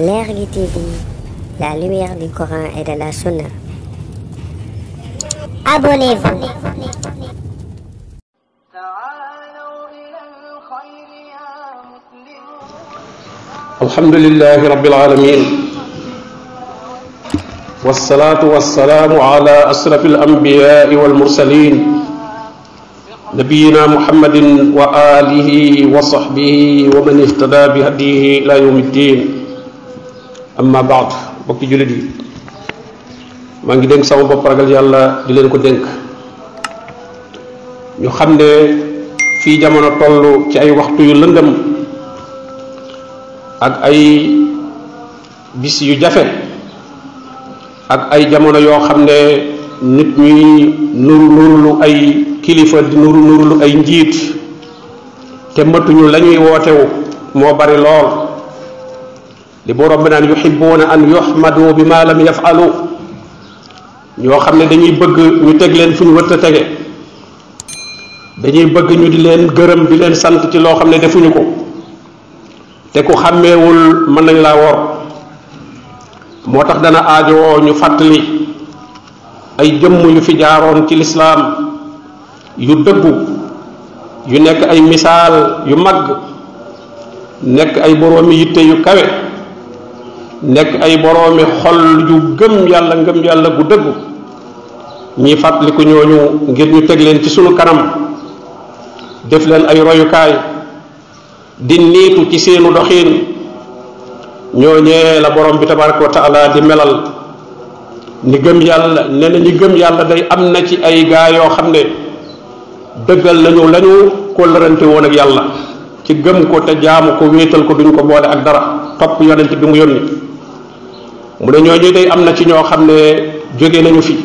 L'Ergue TV, la lumière du Coran et de la Sunna. Abonnez-vous. الحمد لله رب العالمين والصلاة والسلام على أشرف الأنبياء والمرسلين نبينا محمد وآله وصحبه ومن اهتدى بهديه إلى يوم الدين amma baad bokki jullit yi maa ngi dénk sama bopp yàlla di leen ko dénk ñu xam ne fii jamono toll ci ay waxtu yu lëndëm ak ay bis yu jafe ak ay jamono yoo xam ne nit ñuy nuru nurulu ay kilifa di nuru nurulu ay njiit te matuñu lañuy ñuy wootewu moo bari lool li borom bi naan yuhibbuuna an yuhmadu bi ma lam yafalu ñoo xam ne dañuy bëgg ñu teg leen fu ñu wëtt a tege dañuy bëgg ñu di leen gërëm di leen sant ci loo xam ne defuñu ko te ku xàmmeewul mën nañ laa wor moo tax dana aajowoo ñu fàttali ay jëmm yu fi jaaroon ci lislaam yu dëggu yu nekk ay misaal yu mag nekk ay boroomi yitte yu kawe nekk ay boroomi xol yu gëm yàlla ngëm yàlla gu dëggu ñi fàttaliku ñooñu ngir ñu teg leen ci suñu kanam def leen ay royukaay di niitu ci seenu doxiin ñooñee la borom bi tabaraka wa taala di melal ni gëm yàlla nee na ñi gëm yàlla day am na ci ay gaa yoo xam ne dëggal nañu lañu kóllërante woon ak yàlla ci gëm ko te jaamu ko wéetal ko ñu ko boole ak dara topp yonent bi mu yónni mu ne ñooñu day am na ci ñoo xam ne jóge nañu fi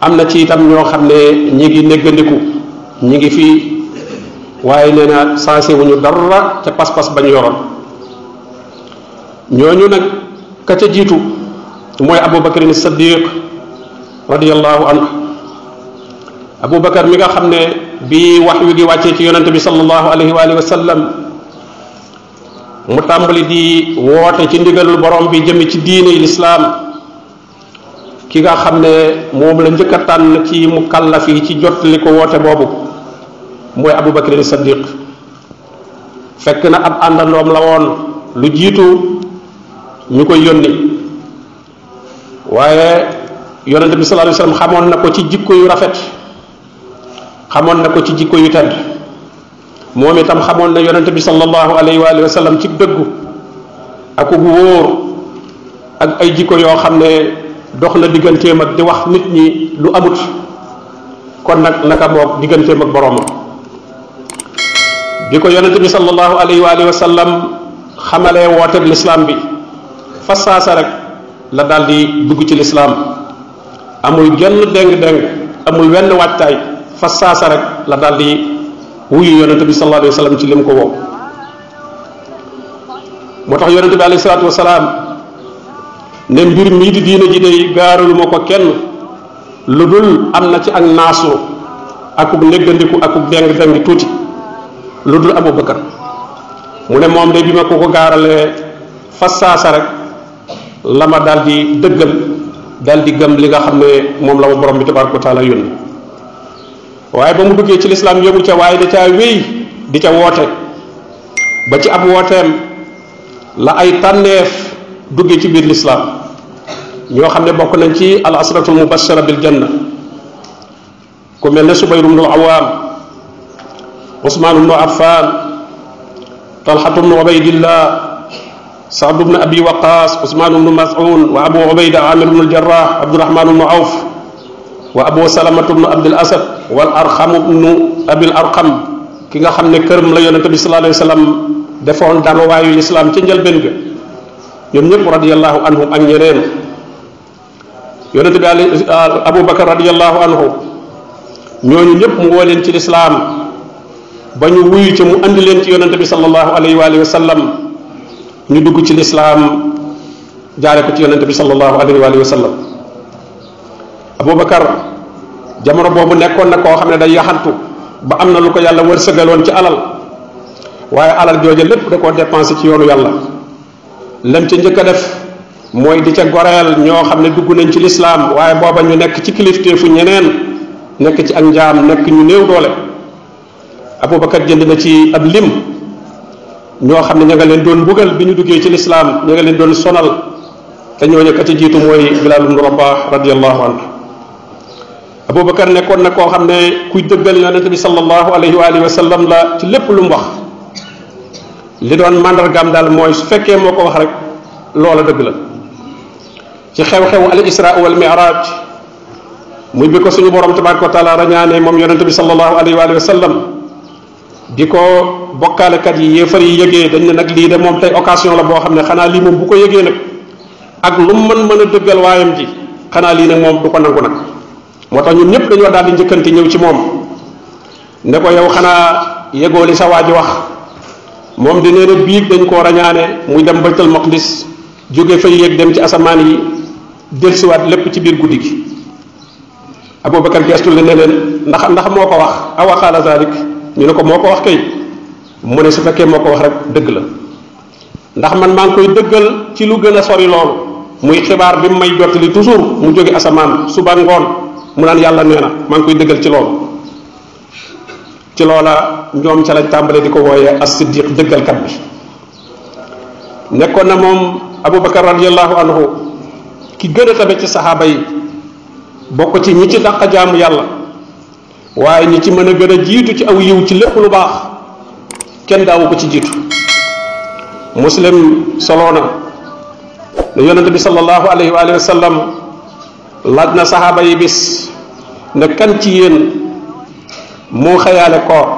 am na ci itam ñoo xam ne ñi ngi néggandiku ñi ngi fi waaye nee na sensé wuñu dara ca pas-pas bañ yoroon ñooñu nag ka ca jiitu mooy aboubacarin sadiq radiallahu anhu aboubacar mi nga xam ne bi wax wi gi wàccee ci yonante bi salallahu alayhi wa sallam mu tàmbali di woote ci ndigalu borom bi jëmm ci diine lislaam ki nga xam ne moom la njëkk a tànn ci mu kàllaf yi ci jottali ko woote boobu mooy abu bakrin saddiq fekk na ab àndandoom la woon lu jiitu ñu koy yónni waaye yonente bi sallallahu alayhi wasallam xamoon na ko ci jikko yu rafet xamoon na ko ci jikko yu tedd moom itam xamoon na yonent bi sallallahu alayhi wa sallam ci dëggu ak wóor ak ay jikko yoo xam ne dox na digganteem ak di wax nit ñi lu amut kon nag naka moog digganteem ak boroomam bi ko yonent bi sallallahu alayhi wa sallam xamalee wooteeg lislaam bi fa saasa rek la daal di dugg ci lislaam amul genn déng-déng amul wenn waajtaay fa saasa rek la daal di wuyu yonente bi sallallahu alayhi wasallam ci lim ko wop motax tax yonente bi alayhi salatu wasalam ne mbir mi di diine ji day garul mako kenn ludul amna ci ak naasu akub néggandiku akub deng deng tuuti lu abou bakar mune mom de ko ko garale fas rek lama daldi deugal di dëggal di li nga xamne mom la borom bi tabaraku taala waaye ba mu duggee ci lislaam yemu ca waaye da caa wéy di ca woote ba ci ab wooteem la ay tànneef duggee ci biir lislaam ñoo xam ne bokk nañ ci al asratul mubashara bil janna ku mel ne subayru bnul awaam usman bnu affan talxatu bnu ubaydillah سعد بن أبي وقاص عثمان بن مسعود وأبو عبيدة عامر بن الجراح عبد الرحمن بن awf wa abu salamatu bnu asad wal arxamu abil arxam ki nga xam ne këram la yonente bi sallallahu alayhi wa sallam defoon danuwaayu lislaam ca njëlbéen ga ñoom ñëpp radiallahu anhum ak ñeneen yonente bi ali ah, abu bakar radiallahu anhu ñooñu ñëpp mu woo leen ci lislaam ba ñu wuyu ca mu andi leen ci yonente bi sallallahu alayhi wa ñu dugg ci lislaam jaare ko ci yonente bi sallallahu alayhi wa Aboubacar jamono boobu nekkoon na koo xam ne day yaxantu ba am na lu ko yàlla wërsëgaloon ci alal waaye alal jooja lépp da koo dépensé ci yoonu yàlla lam ci njëkk a def mooy di ca goreel ñoo xam ne dugg nañ ci lislaam waaye booba ñu nekk ci kilifteefu ñeneen nekk ci ak njaam nekk ñu néew doole Aboubacar jënd na ci ab lim ñoo xam ne ña nga leen doon mbugal bi ñu duggee ci lislaam ña nga leen doon sonal te ñooñu ka ci jiitu mooy Bilaal ibnu Rabaah abou aboubacar nekkoon na koo xam ne kuy dëggal yonente bi sallallahu alayhi wa alihi wa sallam la ci lépp lu mu wax li doon màndargaam daal mooy su fekkee moo ko wax rek loola dëgg la ci xew xew al isra wal miraj muy bi ko suñu borom tabaraka wa taala rañaane moom yonente bi sallallahu alayhi wa alihi wa sallam bi ko bokkaalekat yi yéefar yi yëgee dañ ne nag lii de moom tey occasion la boo xam ne xanaa lii moom bu ko yëgee nag ak lu mën mën a dëggal waayam ji xanaa lii nag moom du ko nangu nag moo tax ñun ñëpp dañoo daal di njëkkante ñëw ci moom ne ko yow xanaa yegoo li sa waa ji wax moom di nee na biig dañ koo rañaane muy dem baytal maqdis jóge fay yéeg dem ci asamaan yi delsiwaat lépp ci biir guddi gi aboubacar gestu la ne leen ndax ndax moo ko wax awa xaala zalik ñu ne ko moo ko wax kay mu ne su fekkee moo ko wax rek dëgg la ndax man maa ngi koy dëggal ci lu gën a sori loolu muy xibaar bi mu may li toujours mu jóge asamaan suba ngoon mu naan yàlla nee na maa ngi koy dëggal ci loolu ci loola ñoom ca lañ tàmbale di ko wooyee as-siddiq dëggalkat bi nekkoon na moom abubakar radiallahu anhu ki gën a tabe ci saxaaba yi bokk ci ñi ci dàq jaamu yàlla waaye ñi ci mën a gën a jiitu ci aw yiw ci lépp lu baax kenn daawu ko ci jiitu muslim soloona ne yonente bi sallallahu alayhi wa Ladna sahaba saxaaba yi bis ne kan ci yeen moo xëyaale koor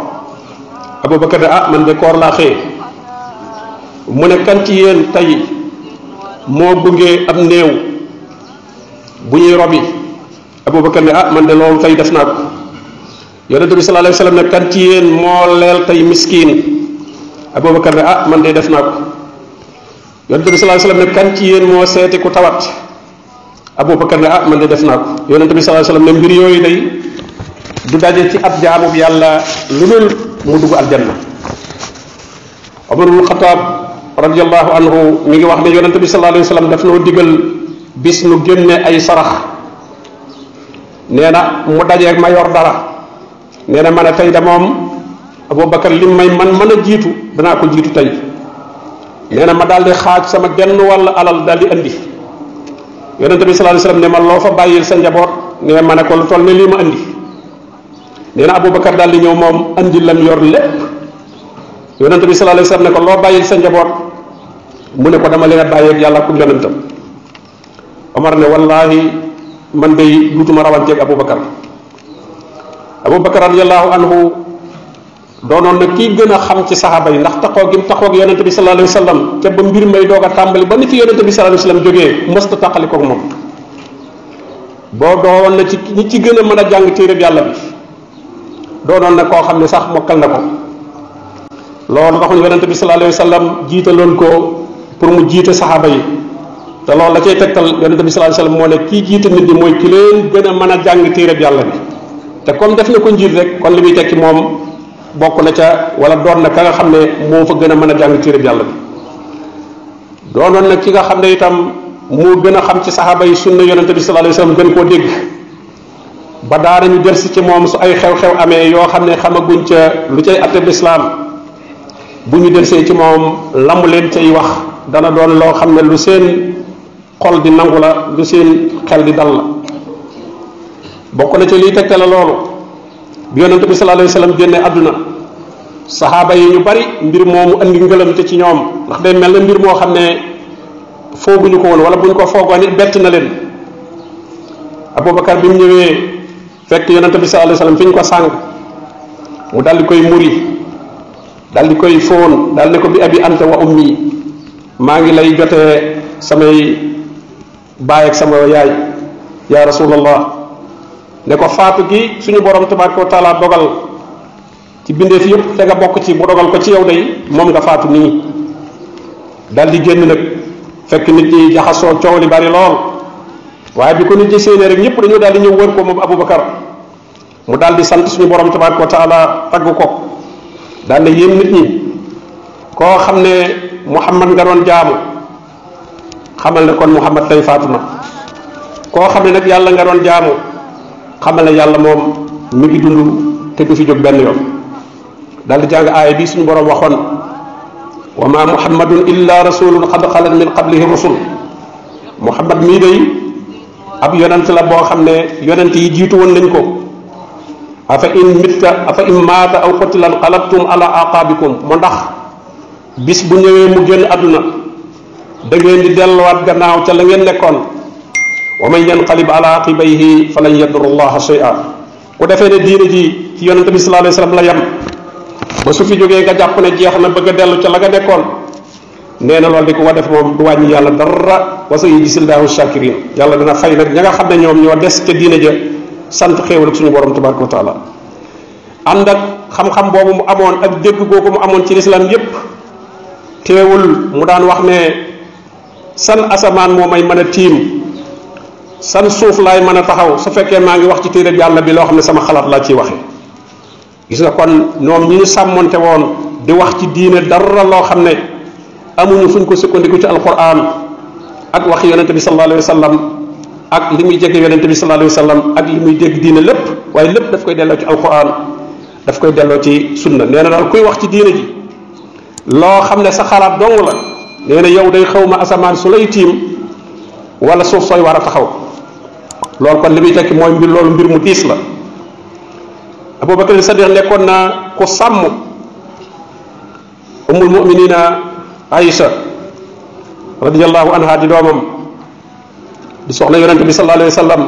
abubakar ne ah man de koor laa xëye mu ne kan ci yeen tey moo ab néew bu ñuy robi abubakar ne ah man de loolu tey def naa ko yonente bi sallallahu alayhi wasallam ne kan ci yeen moo leel tey miskin abubakar bakar ah man de def naa ko yonente bi sallallahu alayhi wasallam ne kan ci yeen moo seeti ku tawat Abu Bakar la ah man de def nako ko yonente bi sallallahu alayhi wasallam ne mbir yoy day du daje ci ab jaamu lu dul mu dugg janna Omar ibn Khattab radiyallahu anhu mi ngi wax ne yonente bi sallallahu alayhi wasallam daf no digal bis nu genné ay sarax neena mu dajeeg ma yor dara neena na tay da mom Abu Bakar lim may man jitu ⁇ jitu dana ko jitu tay neena ma daldi xaj sama genn wala alal daldi andi yonente bi sallallahu alayhi wasallam ne ma lo fa bayil sa njabot ne ma ne ko lu tol ne li ma andi nee na bakkar dal li ñew mom andi lam yor lepp yonente bi sallallahu alayhi wasallam ne ko lo bayil sa njabot mu ne ko dama leen baye ak yalla ku yonentam omar ne wallahi man day abou bakkar abou bakkar radiyallahu anhu doonoon na kii gën a xam ci saxaaba yi ndax taxoo gi mu taxoo ak yonente bi sallallahu alayhi wa sallam te ba mbir may doog a tàmbali ba ni fi yonente bi sallallahu alayhi wa sallam jógee mësta taqali koog moom boo doonoon na ci ñi ci gën a mën a jàng téereb yàlla bi doonoon koo xam ne sax mokkal na ko loolu taxul yonente bi sallallahu alayhi wa sallam ko pour mu jiite saxaaba yi te loolu la cay tegtal yonente bi sallallahu alayhi wa sallam moo ne kii jiite nit mooy ki mën a jàng téereb yàlla bi te comme def na ko njiit rek kon li muy tekki moom bokk na ca wala doon nag ka nga xam ne moo fa gën a mën a jàng bi yàlla bi doonoon nag ki nga xam ne itam moo gën a xam ci saxaaba yi sunna yonente bi sallallahu alayhi wasallam gën koo dégg ba daanañu del si ci moom su ay xew-xew amee yoo xam ne xamaguñ ca lu cay atteb lislaam bu ñu del see ci moom lamu leen cay wax dana doon loo xam ne lu seen xol di nangu la lu seen xel di dal la bokk na ca liy tegte la loolu bi yonente bi sallallahu alayhi wasallam genné aduna sahaba yi ñu bari mbir moomu andi te ci ñoom wax day mel mbir mo xamné ne ko wala buñ ko fogo ni bet na leen aboubacar bi ñewé fekk yonente bi sallallahu alayhi wasallam fiñ ko sang mu dal di koy muri dal di koy fon dal ne ko bi abi anta wa ummi ma ngi lay jotté samay baye ak sama yaay ya rasulullah ne ko faatu gi suñu boroom tabaraka wa taala dogal ci bindee bindeef yëpp te nga bokk ci mu dogal ko ci yow day moom nga faatu nii dal di génn nag fekk nit ñi jaxasoo coow li bari lool waaye bi ko nit ñi séenee rek ñëpp dañoo daal di ñëw wër ko moom Aboubacar mu daal di sant suñu borom tabaraka wa taala tagg ko daal di yéem nit ñi koo xam ne Muhammad nga doon jaamu xamal ne kon Muhammad tey faatu na koo xam ne nag yàlla nga doon jaamo xamal ne yàlla moom mi ngi dund te du fi jóg benn yoon dal di jàng aaya bi suñu borom waxoon wa ma muhammadun illa rasulun qad xalat min qablihi rusul muhammad mii day ab yonent la boo xam ne yonent yi jiitu woon nañ ko afa in mitta afa in mata aw qutila qalabtum ala aqabikum mo ndax bis bu ñëwee mu génn aduna da ngeen di delluwaat gannaaw ca la ngeen nekkoon wa man yanqalib ala aqibayhi falan yadurra allaha shay'a ku defé né diiné ji ci yonente bi sallallahu alayhi wasallam la yam ba su fi nga japp né jeex na bëgg déllu ci la nga nekkoon nee na loolu di wa def mom du wàññi yalla dara wa sa shakirin yalla dana fay nak ñinga xamné ñom ñoo des ca diine ja sant xéewal ak suñu borom tabaraka wa taala andak ak xam-xam bobu mu amoon ak degg gogu mu amoon ci l'islam yépp teewul mu daan wax ne san asaman momay may tim san suuf laay mën a taxaw su fekkee maa ngi wax ci téere yàlla bi loo xam ne sama xalaat laa ciy waxe gis nga kon ñoom ñi ñu sàmmonte woon di wax ci diine dara loo xam ne amuñu fuñ ko sukkandiku ci alquran ak wax yonente bi sallallahu alayhi wa sallam ak li muy jege yonente bi sallallahu alayhi wa sallam ak li muy dégg diine lépp waaye lépp daf koy delloo ci alquran daf koy delloo ci sunna nee na daal kuy wax ci diine ji loo xam ne sa xalaat dong la nee na yow day xaw ma asamaan su lay tiim wala suuf sooy war a taxaw loolu kon li muy tekki mooy mbir loolu mbir mu diis la aboubacar sadiq nekkoon na ku sàmm umul muminina aïcha radiallahu anha di doomam di soxna yonente bi sallallahu alayhi wa sallam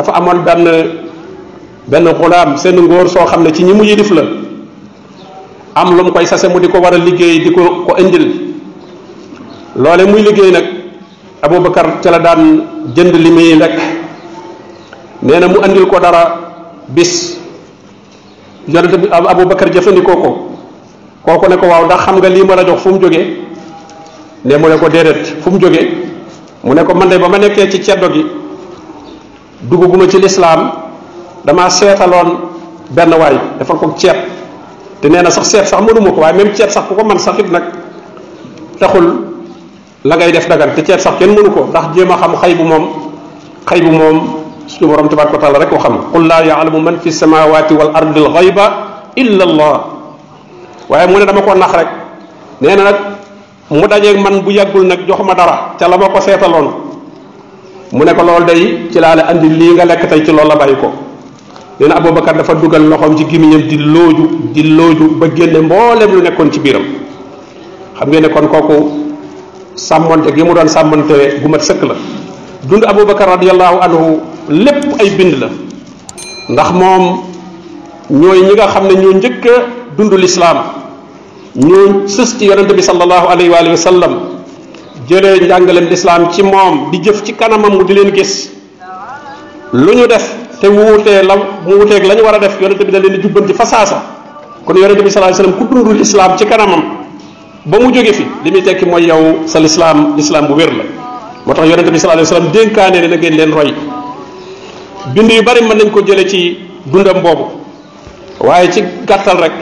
dafa amoon benn benn xulaam seen ngóor soo xam ne ci ñi mu yilif la am lu mu koy sase mu di ko war a liggéey di ko ko indil loole muy liggéey nag Aboubacar ca la daan jënd li muy lekk nee na mu andil ko dara bis yonente bi Aboubacar jëfandikoo ko kooku ne ko waaw ndax xam nga lii ma la jox fu mu jógee ne mu ne ko déedéet fu mu jógee mu ne ko man de ba ma nekkee ci ceddo gi dugguma ci lislaam damaa seetaloon benn waay defal ko ceeb te nee na sax seet sax mënuma ko waaye même ceet sax ku ko man sax it nag taxul la ngay def dagan te ceeb sax kenn mënu ko ndax jéem a xam xay bu moom xay bu moom suñu borom tabaraka taala rek ko xam qul laa yaalamu man fi samawati wal ardi al xayba illa allah waaye mu ne dama ko nax rek nee na nag mu dajeeg man bu yàggul nag jox ma dara ca la ma ko seetaloon mu ne ko lool day ci laa la andi lii nga lekk tey ci loolu la bàyyi ko nee na aboubacar dafa dugal loxoom ci gémmiñam di looju di looju ba génne mboolem lu nekkoon ci biiram xam ngeen ne kon kooku samonté gi mu doon samonté gu mat sëkk la dund bakkar radiyallahu anhu lépp ay bind la ndax moom ñooy ñi nga xam ne ñoo njëkk a dund lislaam ñoo sës ci yonente bi salallahu alayhi wa alihi wa sallam jëlee njàngaleem lislaam ci moom di jëf ci kanamam mu di leen gis lu ñu def te mu la mu wuteeg ak lañu war a def yonente bi da leen di jubbanti fa saasa kon yonente bi sallallahu alayhi wa sallam ku dund lislaam ci kanamam ba mu joge fi limi muy tekki mooy yow sa islam islam bu wér la moo tax bi sallallahu alayhi wasallam dénkaane ne ngeen len roy bind yu bari man nañ ko jele ci dundam bobu waye ci gattal rek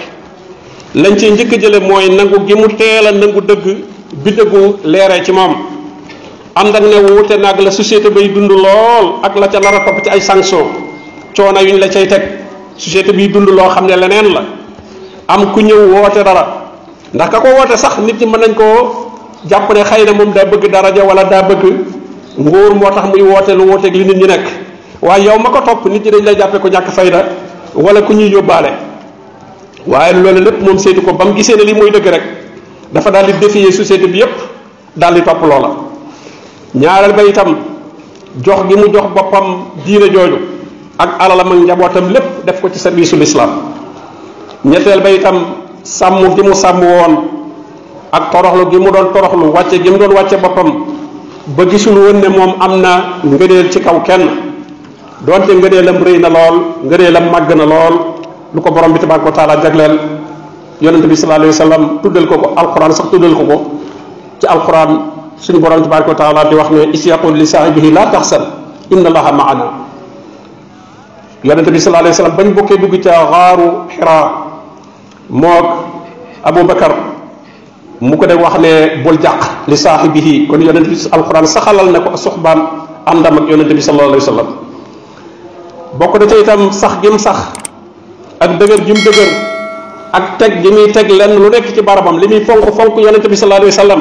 lañ ci ñëk jele moy nangu gi mu teel nangu dëgg bi dëggu leeree ci mom am ak ne wuté nag la société bay dund lool ak la ca la rapp ci ay sanction coono yuñ la cey tek société bi dund lo xam leneen la am ku ñew wote dara ndax ka ko woote sax nit ñi mën nañ koo jàpp ne xëy na moom daa bëgg ja wala daa bëgg nguur moo tax muy woote lu wooteeg li nit ñi nekk waaye yow ma ko topp nit ñi dañ lay jàppee ko ñàkk fayda wala ku ñuy yóbbaale waaye loolu lépp moom seeti ko ba mu gisee ne li mooy dëgg rek dafa daal di défier société bi yépp daal di topp loola ñaareel ba itam jox gi mu jox boppam diine jooju ak alalam ak njabootam lépp def ko ci service l'islam ñetteel ba itam sàmm gi mu sàmm woon ak toroxlu gi mu doon toroxlu wàcce gi mu doon wàcce boppam ba gisul woon ne moom am na ngëneel ci kaw kenn doonte ngëneelam rëy na lool ngëneelam màgg na lool lu ko borom bi tabaraka wa taala jagleel yonente bi sallallahu alayhi wa sallam tuddal ko ko alquran sax tuddal ko ko ci alquran suñu borom tabaraka wa taala di wax ne is yaqul li saahibihi la taxsan inna allaha maana yonente bi sallallahu alayhi wa sallam bokkee dugg ca xaaru mook Aboubacar mu ko de wax ne bool jàq li saaxibihi kon yonent bi alxuraan saxalal na ko suxbaam àndam ak yonent bi sallallahu alayhi wa sallam bokk na ca itam sax gi sax ak dëgër gi mu dëgër ak teg gi muy teg lenn lu nekk ci barabam li muy fonk fonk yonent bi sallallahu alayhi wa sallam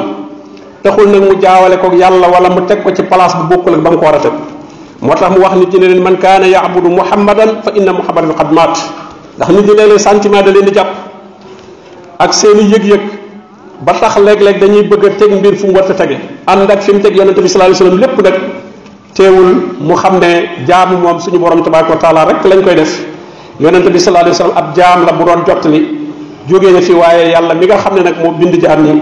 taxul nag mu jaawale ko yàlla wala mu teg ko ci place bu bokkul ba mu ko war a teg moo tax mu wax nit ñi ne leen man kaana yaabudu muhammadan fa inna muhammadan qad maat ndax nit ñi léeg-léeg sentiment da leen di jàpp ak seeni yëg-yëg ba tax léeg-léeg dañuy bëgg a teg mbir fu mu war a tege ànd ak fi mu teg yonente bi sallallahu alayhi wasallam lépp nag teewul mu xam ne jaamu moom suñu borom tabaraka wa rek lañ koy def yonente bi sallallahu alayhi wasallam ab jaam la bu doon jottali jógee na fi waaye yàlla mi nga xam ne nag moo bind jaam ñi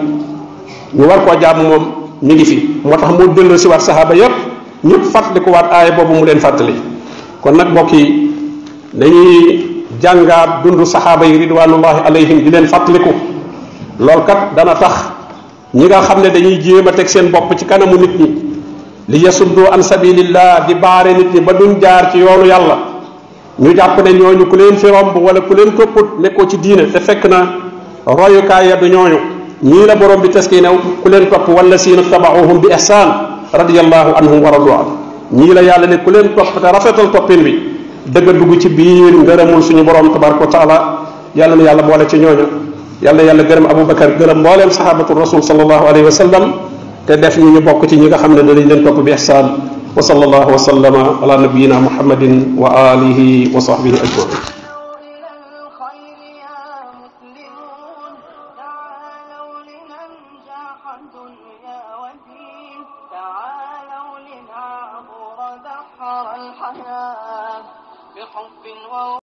ñu war koo jaamu moom mi ngi fi moo tax moo dëlloo si waat saxaaba yépp ñëpp fàttali ko waat aaya boobu mu leen fàttali kon nag mbokk dañuy jàngaat dundu sahaba yi ridwanullahi alayhim di leen fàttaliku loolu kat dana tax ñi nga xam ne dañuy jéem a seen bopp ci kanamu nit ñi li yasuddu an sabilillah di baare nit ñi ba duñ jaar ci yoonu yàlla ñu jàpp ne ñooñu ku leen fi romb wala ku leen topput nekkoo ci diine te fekk na royukaay ya du ñooñu ñii la borom bi taski new ku leen topp wala tabaxuhum bi ihsaan radiallahu anhum wa radu an ñii la yàlla ne ku leen topp te rafetal toppin bi dëgg dugg ci biir ngërëmul suñu borom tabaraka wa taala yàlla na yàlla boole ci ñooñu yàlla yàlla gërëm aboubacar gërëm mbooleem sahabatu rasul salallahu alayhi wa sallam te def ñu ñu bokk ci ñi nga xam ne danañ leen topp bi ihsaan wa sallallahu wa sallama ala nabiyina muhammadin wa alihi wa sahbihi ajmain